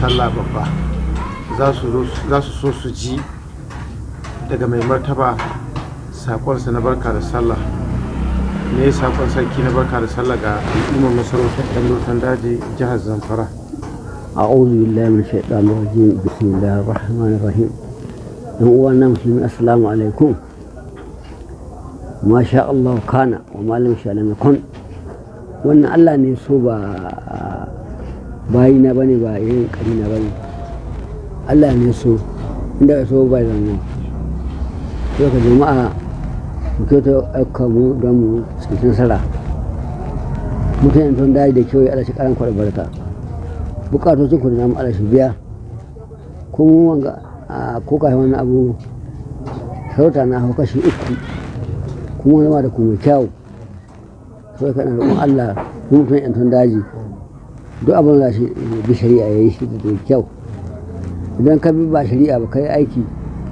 sallah babba za su so su ji daga mai martaba sakonsa na barka da sallah ne sakon sarki na barka da sallah ga al'ummar masarautar ɗan daji jihar zamfara أعوذ بالله من الشيطان الرجيم بسم الله الرحمن الرحيم أولنا مسلمين السلام عليكم ما شاء الله كان وما لم يشاء لم يكن وأن الله نسوب bayi na bane ba irin kari na bane Allah ne so inda ka so ba da nan to ka jama'a mu ta aka mu don mu cikin sara mutane tun dai da kyau ya Allah shi karan kwarar barka bukatu sun kudi namu ala shi biya ko mu wanga ko kai wani abu sarauta na hau kashi uku kuma wani ma da kuma kyau sai ka na Allah mu mutum yan tun daji duk abin da shi bi shari'a ya yi shi da kyau idan ka bi ba shari'a ba kai aiki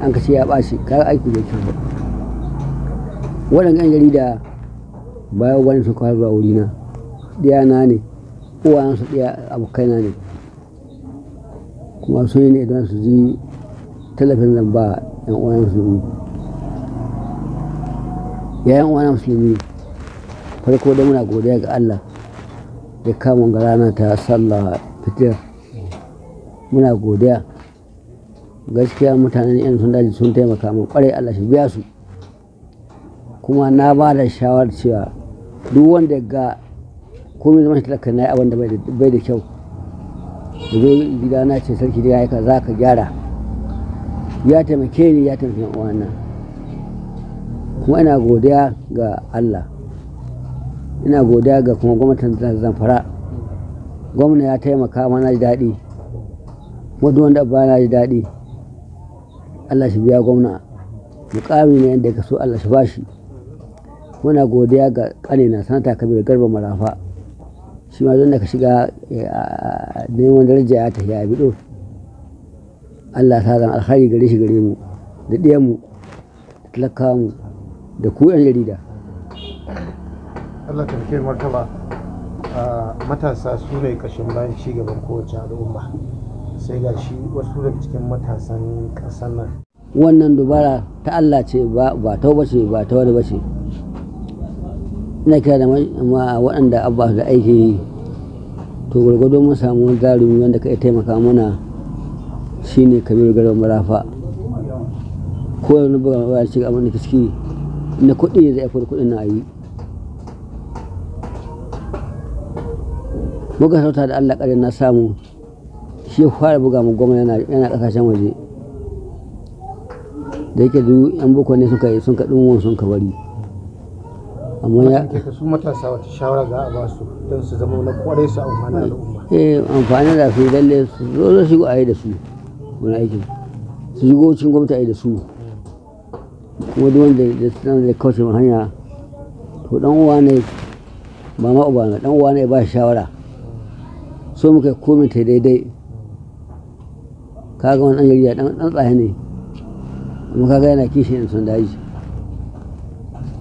an ka ce ya bashi ka aiki da kyau waɗanda yan jarida bayan wani su kawo wuri na ɗaya na ne uwayen su ɗaya na ne kuma sun yi ne idan su ji tallafin zan ba yan uwayen yi yayan uwayen musulmi farko da muna godiya ga Allah ya kamun ga rana ta sallah fitir muna godiya gaskiya mutanen yan sun daji sun taimaka min kware Allah shi biya su kuma na ba da shawar cewa duk wanda ga komai zama shi talaka na yi abin bai da kyau da zo gida na ce sarki da ya za ka gyara ya taimake ni ya taimake wannan kuma ina godiya ga Allah ina godiya ga kuma gwamnatin zamfara gwamna ya taimaka mana ji daɗi wadda wanda ba na ji daɗi allah shi biya gwamna mukami ne yadda ka so allah shi bashi muna godiya ga ƙanina sanata kabir garba marafa shi ma don da ka shiga eh, neman daraja ya tafi ya biɗo allah ta zan alkhairi gare shi gare mu da ɗiyanmu da talakawa mu da ku 'yan jarida Allah ta fi martaba matasa su ne kashin bayan cigaban kowace al'umma sai ga shi wasu daga cikin matasan ƙasar nan wannan dubara ta Allah ce ba ta ba ce ba ta wani ba ce. ina kira da waɗanda abba da aiki yi to gwargwado mun samu wani zarumi wanda ka taimaka mana shine kabiru garin marafa ko wani buga mabaya ce ga da kiski na kuɗi zai aiko da kuɗin na a yi buga sauta da Allah ƙarin na samu shi fara buga mu goma yana ƙasashen waje da yake duk yan boko ne suka yi sun ka ɗin sun ka bari amma ya su matasa wata shawara ga a ba su don su zama na kware su amfani al'umma eh amfani da su lalle su zo shigo a yi da su wani aikin su shigo cikin gwamnati a yi da su kuma duk wanda da nan da kauce hanya to dan uwa ne ba ma uba ne dan uwa ne ba shawara so muka komai ta daidai kaga wani an yarda dan dan tsaye ne amma kaga yana kishi in sun daji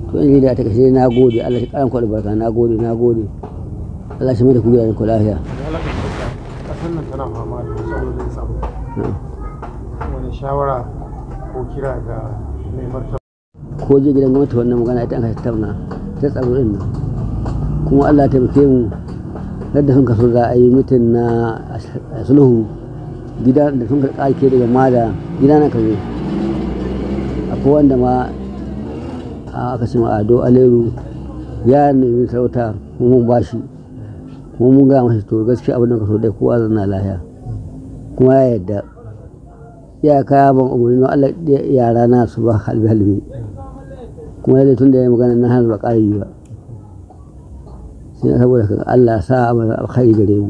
to in yarda ta kashe na gode Allah shi karan kwalu barka na gode na gode Allah shi mata kuga ku lafiya kasan nan tana fama da matsalolin tsaro wani shawara ko kira ga mai martaba ko je gidan gwamnati wannan magana ita an ka tattauna ta tsaro din nan kuma Allah ta taimake mu da sun kaso za a yi mutum na sulhu gida da sun ka ke daga Mada gida na A akwai wanda ma aka ce ma'ado ado aleru ya nemi sarauta kuma ba shi kuma mun ga masa to gaskiya abin da kaso dai kowa zana lahiya kuma ya yadda ya kaya ban umarni na Allah yara na su ba halbe-halbe. kuma yadda tun da ya magana na hanzu ba ƙari ba sai saboda ka Allah sa mana alkhairi gare mu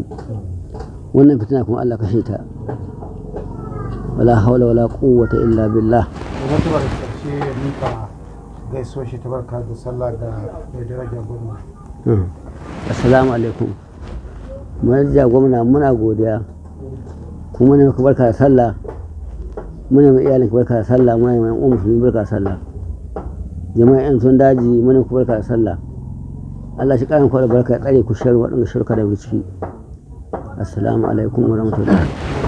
wannan fitina kuma Allah kashe ta wala haula wala quwwata illa billah wata ba karshe ya mika gaisuwa shi ta barka da sallah da daraja gwamna hmm. assalamu alaikum mai daraja gwamna muna godiya kuma ne ka barka da sallah muna mai iyalin barka da sallah muna mai umma barka da sallah jama'a yan sun daji muna barka da sallah Allah shi ƙarin kwa da barka ya tsare ku shar waɗanda shirka da wiki assalamu alaikum wa rahmatullahi